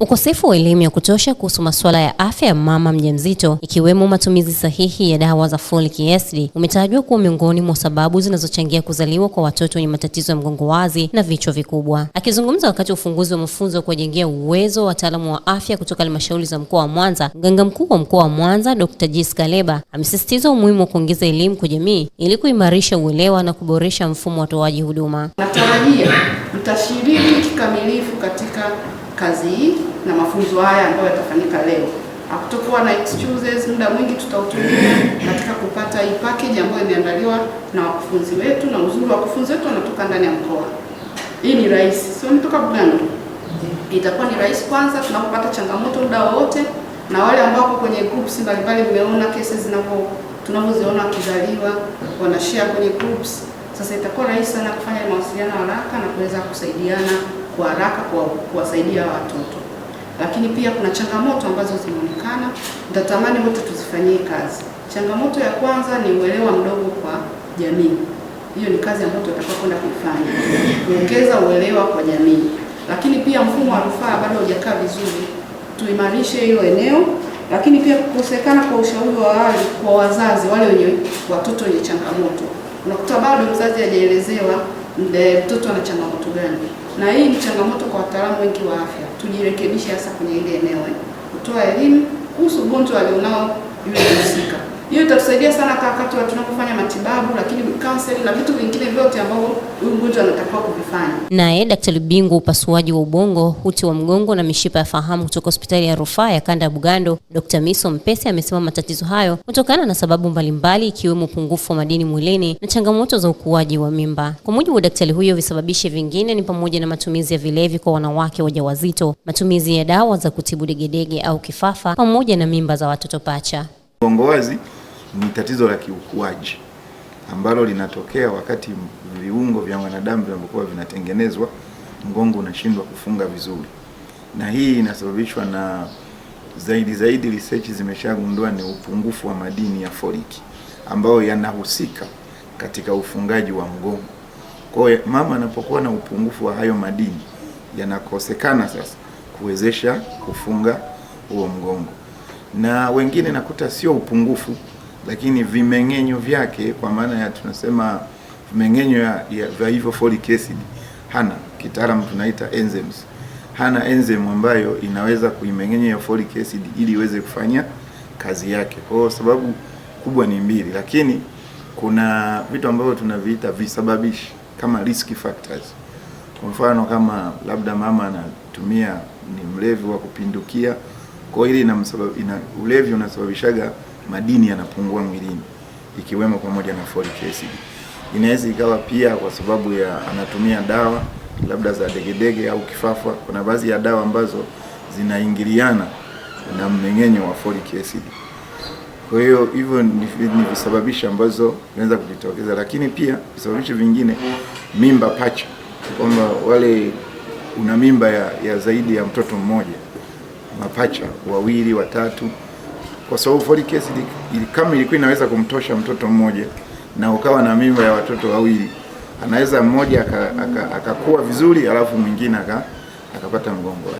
Ukosefu wa elimu ya kutosha kuhusu masuala ya afya ya mama mjamzito ikiwemo matumizi sahihi ya dawa za folic acid umetajwa kuwa miongoni mwa sababu zinazochangia kuzaliwa kwa watoto wenye matatizo ya mgongo wazi na vichwa vikubwa. Akizungumza wakati wa ufunguzi wa mafunzo ya kuwajengea uwezo wa wataalamu wa afya kutoka halmashauri za mkoa wa Mwanza, mganga mkuu wa mkoa wa Mwanza Dr. Jis Kaleba amesisitiza umuhimu wa kuongeza elimu kwa jamii ili kuimarisha uelewa na kuboresha mfumo wa utoaji huduma. Natarajia mtashiriki kikamilifu katika kazi hii na mafunzo haya ambayo yatafanyika leo. Hakutakuwa na excuses, muda mwingi tutautumia katika kupata hii package ambayo imeandaliwa na wakufunzi wetu, na uzuri wa wakufunzi wetu wanatoka ndani ya mkoa. Hii ni rahisi, sio nitoka Bugando, itakuwa ni rahisi kwanza tunapopata changamoto muda wote, na wale ambao kwenye groups mbalimbali mmeona cases zinapo tunavyoziona kuzaliwa wanashare kwenye groups. Sasa itakuwa rahisi sana kufanya mawasiliano haraka na kuweza kusaidiana kwa haraka kwa kuwasaidia watoto. Lakini pia kuna changamoto ambazo zinaonekana, nitatamani wote tuzifanyie kazi. Changamoto ya kwanza ni uelewa mdogo kwa jamii. Hiyo ni kazi ambayo tutakuwa kwenda kuifanya, kuongeza uelewa kwa jamii. Lakini pia mfumo wa rufaa bado haujakaa vizuri, tuimarishe hilo eneo. Lakini pia kukosekana kwa ushauri wa awali kwa wazazi wale wenye watoto wenye changamoto, unakuta bado mzazi hajaelezewa mtoto ana changamoto gani, na hii ni changamoto kwa wataalamu wengi wa afya. Tujirekebishe hasa kwenye ile eneo, kutoa elimu kuhusu ugonjwa alionao yule husika. Hiyo itatusaidia sana wakati tunapofanya matibabu, lakini counseling na vitu vingine vyote ambavyo huyu mgonjwa anatakiwa kuvifanya. Naye daktari bingwa upasuaji wa ubongo, uti wa mgongo na mishipa ya fahamu kutoka hospitali ya rufaa ya kanda ya Bugando, Dr. Miso Mpese amesema matatizo hayo kutokana na sababu mbalimbali ikiwemo upungufu wa madini mwilini na changamoto za ukuaji wa mimba. Kwa mujibu wa daktari huyo, visababishi vingine ni pamoja na matumizi ya vilevi kwa wanawake wajawazito, matumizi ya dawa za kutibu degedege au kifafa pamoja na mimba za watoto pacha. Uongowazi ni tatizo la kiukuaji ambalo linatokea wakati viungo vya mwanadamu vinapokuwa vinatengenezwa, mgongo unashindwa kufunga vizuri, na hii inasababishwa na zaidi zaidi, research zimeshagundua ni upungufu wa madini ya foliki ambayo yanahusika katika ufungaji wa mgongo. Kwa hiyo mama anapokuwa na upungufu wa hayo madini yanakosekana sasa kuwezesha kufunga huo mgongo na wengine nakuta sio upungufu, lakini vimeng'enyo vyake kwa maana ya tunasema vimeng'enyo ya, ya, vya hivyo folic acid hana, kitaalamu tunaita enzymes, hana enzyme ambayo inaweza kuimeng'enya ya folic acid ili iweze kufanya kazi yake. Kwa sababu kubwa ni mbili, lakini kuna vitu ambavyo tunaviita visababishi kama risk factors. Kwa mfano kama labda mama anatumia, ni mlevi wa kupindukia kwa hiyo ina, ulevi unasababishaga madini yanapungua mwilini ikiwemo pamoja na folic acid. Inaweza ikawa pia kwa sababu ya anatumia dawa labda za degedege au kifafa. Kuna baadhi ya dawa ambazo zinaingiliana na mmeng'enyo wa folic acid. Kwa hiyo hivyo ni visababishi ambazo vinaweza kujitokeza, lakini pia visababishi vingine, mimba pacha, kwamba wale una mimba ya, ya zaidi ya mtoto mmoja mapacha wawili watatu, kwa sababu folic acid kama ilikuwa inaweza kumtosha mtoto mmoja na ukawa na mimba ya watoto wawili, anaweza mmoja akakuwa aka, aka vizuri, alafu mwingine akapata mgongo.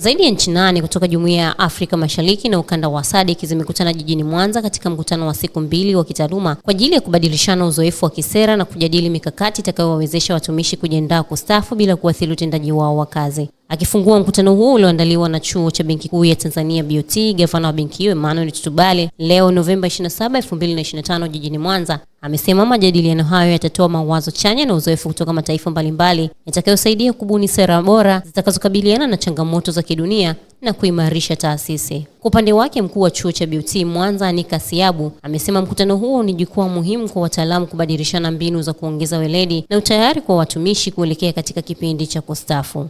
Zaidi ya nchi nane kutoka Jumuiya ya Afrika Mashariki na ukanda wa SADC zimekutana jijini Mwanza katika mkutano wa siku mbili wa kitaaluma kwa ajili ya kubadilishana uzoefu wa kisera na kujadili mikakati itakayowawezesha watumishi kujiandaa kustaafu bila kuathiri utendaji wao wa kazi. Akifungua mkutano huo ulioandaliwa na chuo cha benki kuu ya Tanzania BOT, gavana wa benki hiyo Emmanuel Tutubale leo Novemba 27, 2025 jijini Mwanza amesema majadiliano hayo yatatoa mawazo chanya na uzoefu kutoka mataifa mbalimbali yatakayosaidia kubuni sera bora zitakazokabiliana na changamoto za kidunia na kuimarisha taasisi. Kwa upande wake, mkuu wa chuo cha BOT Mwanza anika Siabu amesema mkutano huo ni jukwaa muhimu kwa wataalamu kubadilishana mbinu za kuongeza weledi na utayari kwa watumishi kuelekea katika kipindi cha kustaafu.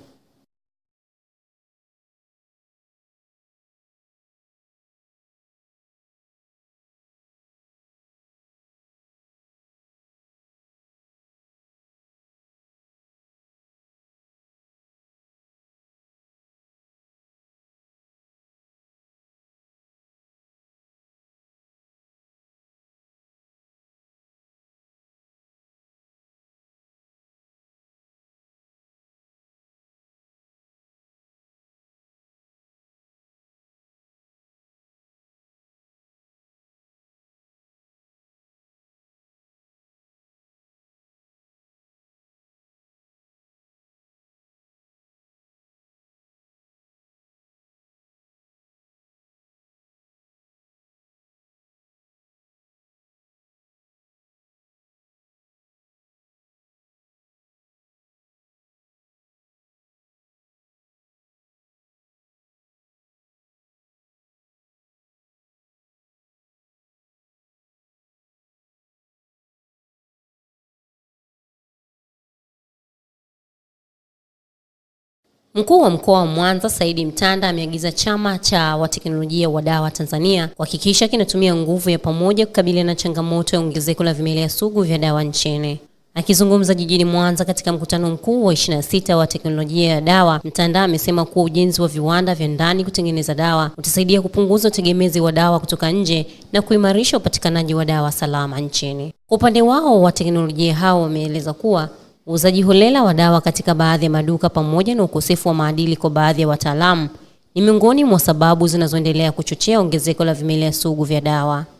Mkuu wa mkoa wa Mwanza Saidi Mtanda ameagiza Chama cha Wateknolojia wa Dawa Tanzania kuhakikisha kinatumia nguvu ya pamoja kukabiliana na changamoto ya ongezeko la vimelea sugu vya dawa nchini. Akizungumza jijini Mwanza katika mkutano mkuu wa 26 wa teknolojia ya dawa, Mtanda amesema kuwa ujenzi wa viwanda vya ndani kutengeneza dawa utasaidia kupunguza utegemezi wa dawa kutoka nje na kuimarisha upatikanaji wa dawa salama nchini. Kwa upande wao, wateknolojia hao wameeleza kuwa Uuzaji holela wa dawa katika baadhi ya maduka pamoja na ukosefu wa maadili kwa baadhi ya wataalamu ni miongoni mwa sababu zinazoendelea kuchochea ongezeko la vimelea sugu vya dawa.